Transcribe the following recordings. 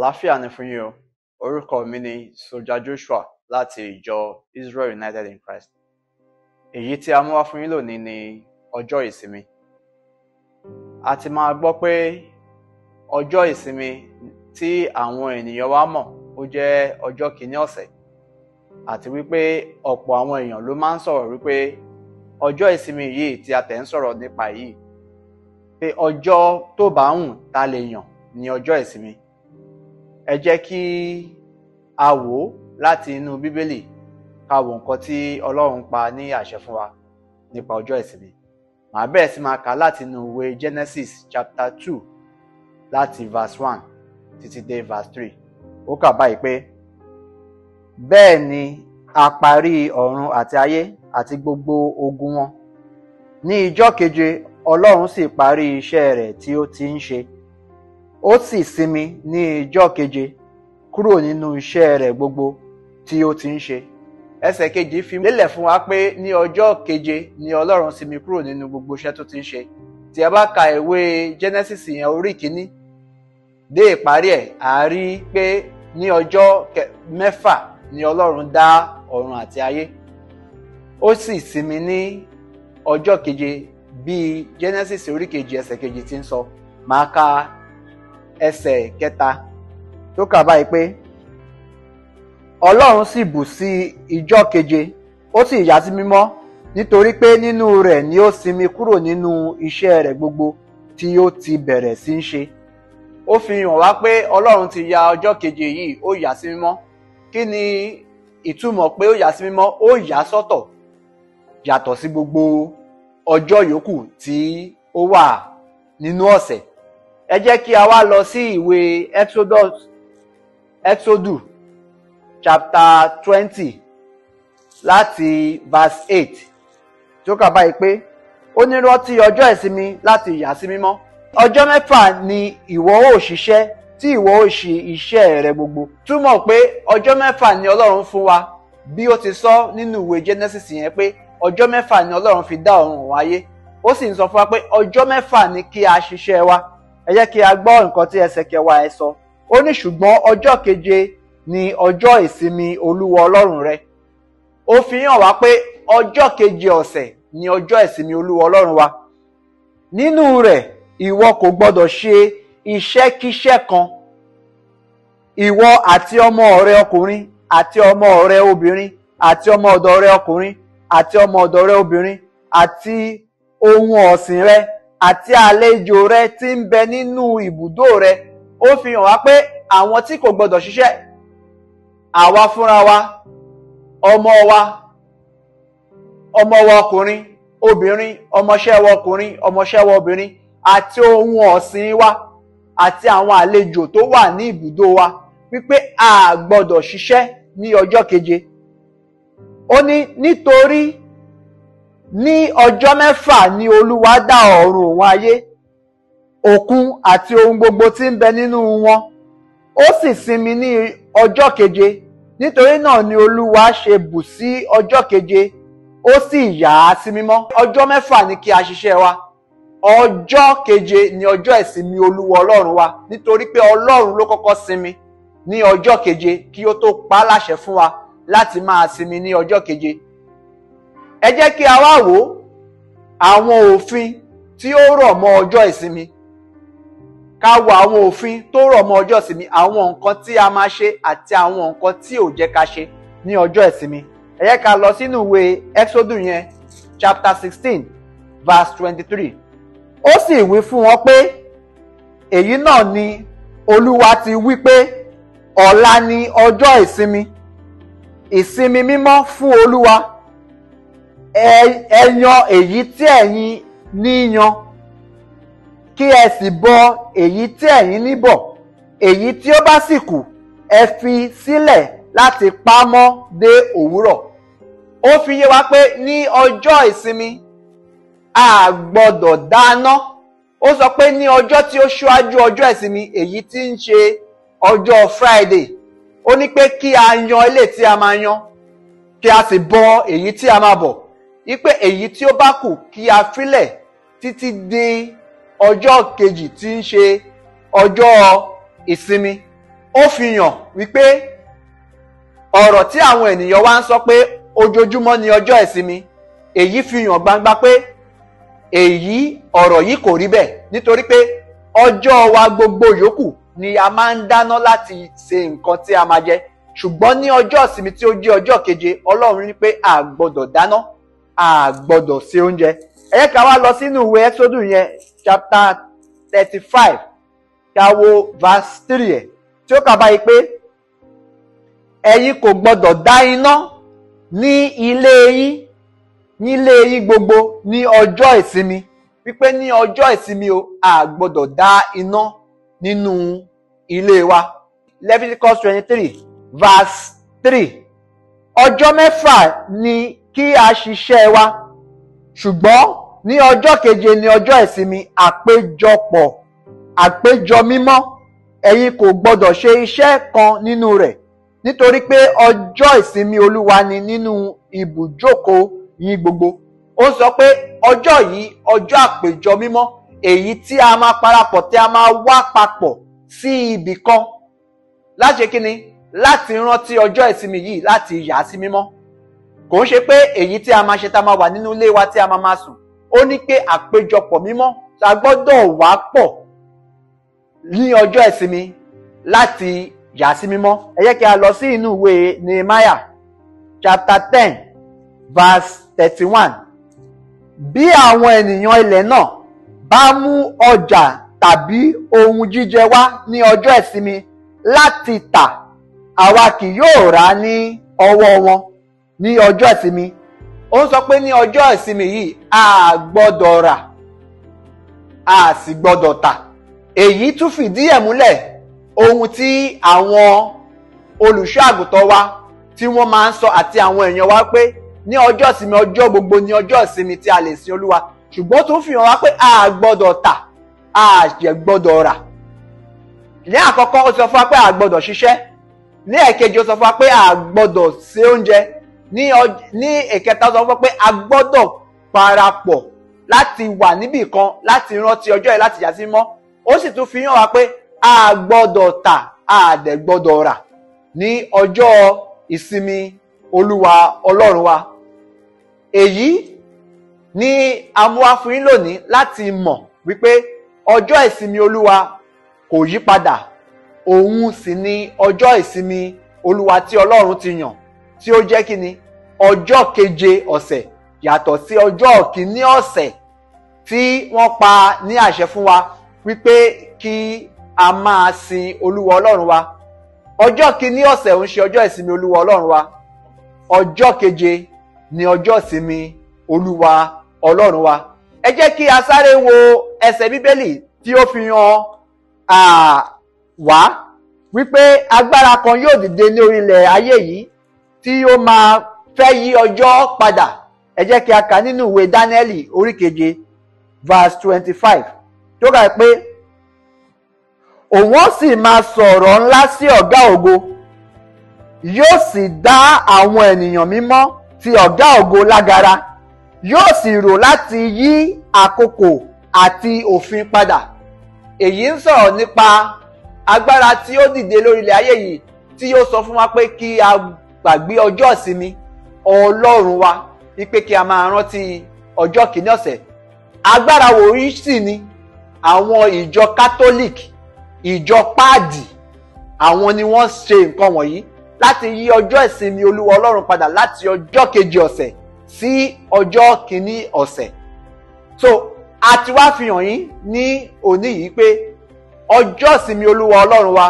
Àlàáfíà ni fún yín o, orúkọ mi ni Soja Joshua láti ìjọ Israel United in Christ. Èyí tí a mú wá fún yín lónìí ni ọjọ́ ìsinmi. A ti máa gbọ́ pé ọjọ́ ìsinmi tí àwọn ènìyàn wa mọ̀ ó jẹ́ ọjọ́ kìíní ọ̀sẹ̀ àti wípé ọ̀pọ̀ àwọn èèyàn ló máa ń sọ̀rọ̀ wípé ọjọ́ ìsinmi yìí tí a tẹ̀ ń sọ̀rọ̀ nípa yìí pé ọjọ́ tó bá wùn ta lè yàn ní ọjọ́ ìsinmi ẹ jẹ́ kí a wò ó láti inú bíbélì ká wo nǹkan tí ọlọ́run pa ní àṣẹ fún wa nípa ọjọ́ ìsinmi màá bẹ̀rẹ̀ sí máa kà láti inú ìwé Genesis chapter two láti verse one títí dé verse three ó kà báyìí pé bẹ́ẹ̀ ni a parí ọ̀run àti ayé àti gbogbo ogun wọn ní ijọ́ keje ọlọ́run sì parí iṣẹ́ rẹ̀ tí ó ti ń ṣe. ó sì sinmi ní ijọ́ keje kúrò nínú iṣẹ́ rẹ̀ gbogbo tí ó ti ń ṣe ẹsẹ̀ kejì fi lélẹ̀ fún wa pé ní ọjọ́ keje ni ọlọ́run sinmi kúrò nínú gbogbo iṣẹ́ tó ti ń ṣe tí a bá ka ìwé Genesis yẹn orí kìíní dé ìparí ẹ̀ rí i pé ní ọjọ́ mẹ́fà ni ọlọ́run dá ẹsẹ̀ kẹta tó kà báyìí pé ọlọ́run sì bù sí ijọ́ keje ó sì yà sí mímọ́ nítorí pé nínú rẹ̀ ni ó sinmi kúrò nínú iṣẹ́ rẹ̀ gbogbo tí ó ti bẹ̀rẹ̀ sí ń ṣe ó fi hàn wá pé ọlọ́run ti ya ọjọ́ keje yìí ó yà sí mímọ́ kí ni ìtumọ̀ pé ó yà sí mímọ́ ó yà sọ́tọ̀ yàtọ̀ sí gbogbo ọjọ́ yòókù tí ó wà nínú ọ̀sẹ̀ ẹ jẹ́ kí a wá lọ sí ìwé exodus exodus chapter twenty láti verse eight tí ó kà báyìí pé ó ní rántí ọjọ́ ìsinmi láti yà sí mímọ́ ọjọ́ mẹ́fà ni ìwọ ó ṣiṣẹ́ tí ìwọ ó ṣe iṣẹ́ rẹ gbogbo túmọ̀ pé ọjọ́ mẹ́fà ni ọlọ́run fún wa bí ó ti sọ nínú ìwé genesis yẹn pé ọjọ́ mẹ́fà ni ọlọ́run fi dá ọ̀run wáyé ó sì ń sọ fún wa pé ọjọ́ mẹ́fà ni kí a ṣiṣẹ́ wa ẹ jẹ́ kí a gbọ́ nǹkan tí ẹsẹ̀ kẹwàá ẹ sọ ó ní ṣùgbọ́n ọjọ́ keje ni ọjọ́ ìsinmi olúwa ọlọ́run rẹ ó fi hàn wá pé ọjọ́ keje ọ̀sẹ̀ ni ọjọ́ ìsinmi olúwa ọlọ́run wa nínú rẹ̀ ìwọ kò gbọ́dọ̀ ṣe iṣẹ́kíṣẹ́ kan ìwọ àti ọmọ rẹ ọkùnrin àti ọmọ rẹ obìnrin àti ọmọ ọ̀dọ̀ rẹ ọkùnrin àti ọmọ ọ̀dọ̀ rẹ obìnrin àti ohun ọ̀sìn rẹ àti àlejò rẹ tí ń bẹ nínú ibùdó rẹ ó fi hàn wá pé àwọn tí kò gbọdọ̀ ṣiṣẹ́ àwa fúnra wa ọmọ wa ọmọ wa ọkùnrin obìnrin ọmọọṣẹ́ wa ọkùnrin ọmọọṣẹ́ wa obìnrin àti ohun ọ̀sìn wa àti àwọn àlejò tó wà ní ibùdó wa wípé a gbọdọ̀ ṣiṣẹ́ ní ọjọ́ keje ó ní nítorí ní ọjọ́ mẹ́fà ni olúwa dá ọ̀run òun ayé òkun àti ohun gbogbo tí ń bẹ nínú wọn ó sì sinmi ní ọjọ́ keje nítorí náà ni olúwa ṣe bù sí ọjọ́ keje ó sì yà á sí mímọ́ ọjọ́ mẹ́fà ni kí a ṣiṣẹ́ wa ọjọ́ keje ni ọjọ́ ìsinmi olúwa ọlọ́run wa nítorí pé ọlọ́run ló kọ́kọ́ sinmi ní ọjọ́ keje kí ó tó pa á láṣẹ fún wa láti máa sinmi ní ọjọ́ keje ẹ jẹ́ kí a wá wò àwọn òfin tí ó rọ̀ mọ́ ọjọ́ ìsinmi ká wo àwọn òfin tó rọ̀ mọ́ ọjọ́ ìsinmi àwọn nǹkan tí a máa ṣe àti àwọn nǹkan tí ò jẹ́ ká ṣe ní ọjọ́ ìsinmi ẹ jẹ́ ká lọ sínú ìwé Exodus yẹn chapter sixteen verse twenty-three ó sì wí fún wọn pé èyí náà ni Olúwa ti wí pé ọ̀la ni ọjọ́ ìsinmi ìsinmi mímọ́ fún Olúwa ẹ yan èyí tí ẹ̀yin níyan kí ẹ sì bọ èyí tí ẹ̀yin níbọ̀ èyí tí ó bá sì kù ẹ fi sílẹ̀ láti pa mọ́ dé òwúrọ̀ ó fi yé wa pé ní ọjọ́ ìsinmi a gbọ́dọ̀ dáná ó sọ pé ní ọjọ́ tí ó ṣíwájú ọjọ́ ìsinmi èyí tí ń ṣe ọjọ́ Friday ó ní pé kí a yan ilé tí a máa yan kí a sì bọ èyí tí a máa bọ̀ wípé èyí tí ó bá kù kí a filẹ̀ títí di ọjọ́ kejì tí ń ṣe ọjọ́ ìsinmi ó fi hàn wípé ọ̀rọ̀ tí àwọn ènìyàn wá ń sọ pé ojoojúmọ́ ni ọjọ́ ìsinmi èyí fi hàn gbangba pé èyí ọ̀rọ̀ yìí kò rí bẹ́ẹ̀ nítorí pé ọjọ́ wa gbogbo yòókù ni a máa ń dáná láti ṣe nǹkan tí a máa jẹ ṣùgbọ́n ní ọjọ́ ìsinmi tí ó jẹ́ ọjọ́ keje ọlọ́run ní pé a gbọ́dọ̀ dáná a gbọ́dọ̀ ṣe oúnjẹ ẹ jẹ́ ká wá lọ sínú ìwé Exodus yẹn chapter thirty five ká verse three ẹ̀ tí ó kà báyìí pé ẹ̀yin kò gbọ́dọ̀ dá iná ní ilé yín nílé yín gbogbo ní ọjọ́ ìsinmi wípé ní ọjọ́ ìsinmi o a gbọ́dọ̀ dá iná nínú ilé wa Leviticus twenty three verse three ọjọ́ mẹ́fà ni kí a ṣiṣẹ́ wa ṣùgbọ́n ní ọjọ́ keje ní ọjọ́ ìsinmi àpéjọpọ̀ àpéjọ mímọ́ ẹ̀yin kò gbọ́dọ̀ ṣe iṣẹ́ kan nínú rẹ̀ nítorí pé ọjọ́ ìsinmi olúwa ni nínú ibùjókòó yín gbogbo ó sọ pé ọjọ́ yìí ọjọ́ àpéjọ mímọ́ èyí tí a máa parapọ̀ tí a máa wá papọ̀ sí ibì kan láṣẹ kí ni láti rántí ọjọ́ ìsinmi yìí láti yà á sí mímọ́ kò ń ṣe pé èyí tí a máa ṣe tá a máa wà nínú ilé wa tí a máa máa sùn ó ní pé àpéjọpọ̀ mímọ́ a gbọ́dọ̀ wá pọ̀ ní ọjọ́ ìsinmi láti yà sí mímọ́ ẹ jẹ́ kí a lọ sí inú ìwé Nehemiah chapter ten verse thirty-one bí àwọn ènìyàn ilẹ̀ náà bá mú ọjà tàbí ohun jíjẹ wá ní ọjọ́ ìsinmi láti tà àwa kì yóò rà ní ọwọ́ wọn ní ọjọ́ ìsinmi ó ń sọ pé ní ọjọ́ ìsinmi yìí a gbọ́dọ̀ rà a sì gbọ́dọ̀ tà èyí tún fìdí ẹ̀ múlẹ̀ ohun tí àwọn olùṣọ́ àgùntàn wa tí wọ́n máa ń sọ àti àwọn èèyàn wa pé ní ọjọ́ ìsinmi ọjọ́ gbogbo ní ọjọ́ ìsinmi tí a lè sin olúwa ṣùgbọ́n tó ń fi hàn wá pé a gbọ́dọ̀ tà a jẹ́ gbọ́dọ̀ rà ní àkọ́kọ́ ó sọ fún wa pé a gbọ́dọ̀ ṣiṣẹ́ ní ẹ̀kejì ó sọ fún wa pé a gbọ́dọ̀ ṣe oúnjẹ ní ìkẹta sọ fún pé a gbọ́dọ̀ parapọ̀ láti wà níbì kan láti rántí ọjọ́ yìí láti yà sí mọ́ ó sì tún fi hàn wá pé a gbọ́dọ̀ tà a dẹ̀ gbọ́dọ̀ rà ní ọjọ́ ìsinmi olúwa ọlọ́run wa èyí ni amúhàfúyín lónìí láti mọ̀ wípé ọjọ́ ìsinmi olúwa kò yí padà òun sì ni ọjọ́ ìsinmi olúwa tí ọlọ́run ti yàn tí ó jẹ́ kí ni ọjọ́ keje ọ̀sẹ̀ yàtọ̀ sí ọjọ́ kìíní ọ̀sẹ̀ tí wọ́n pa ní àṣẹ fún wa wípé kí a máa sin olúwa ọlọ́run wa ọjọ́ kìíní ọ̀sẹ̀ ń ṣe ọjọ́ ìsinmi olúwa ọlọ́run wa ọjọ́ keje ni ọjọ́ ìsinmi olúwa ọlọ́run wa ẹ jẹ́ kí a sáré wo ẹsẹ̀ bíbélì tí ó fi hàn wá wípé agbára kan yóò dìde ní orílẹ̀ ayé yìí tí ó máa fẹ́ yí ọjọ́ padà ẹ jẹ́ kí a kà nínú ìwé Dáníẹ́lì orí keje verse twenty five tó kà pé òun ó sì máa sọ̀rọ̀ ńlá sí ọ̀gá ògo yóò sì dá àwọn ènìyàn mímọ́ ti ọ̀gá ògo lágara yóò sì rò láti yí àkókò àti òfin padà èyí ń sọ̀rọ̀ nípa agbára tí ó dìde lórí ilẹ̀ ayé yìí tí ó sọ fún wa pé kí a gbàgbé ọjọ́ ìsinmi ọlọ́run wa wípé kí a máa rántí ọjọ́ kìíní ọ̀sẹ̀ agbára wòrí sì ni àwọn ìjọ catholic ìjọ páàdì àwọn ni wọ́n ṣe nǹkan wọ̀nyí láti yí ọjọ́ ìsinmi olúwa ọlọ́run padà láti ọjọ́ kejì ọ̀sẹ̀ sí ọjọ́ kìíní ọ̀sẹ̀ so a ti wá fi hàn yín ní òní yìí pé ọjọ́ ìsinmi olúwa ọlọ́run wa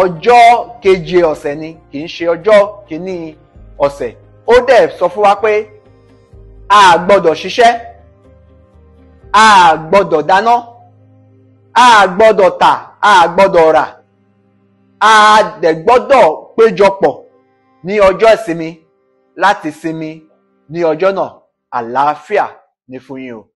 ọjọ́ keje ọ̀sẹ̀ ni kì í ṣe ọjọ́ kìíní ọ̀sẹ̀ ó dẹ̀ sọ fún wa pé a gbọ́dọ̀ ṣiṣẹ́ a gbọ́dọ̀ dáná a gbọ́dọ̀ tà a gbọ́dọ̀ rà a dẹ̀ gbọ́dọ̀ péjọpọ̀ ní ọjọ́ ìsinmi láti sinmi ní ọjọ́ náà àlàáfíà ni fún yín o.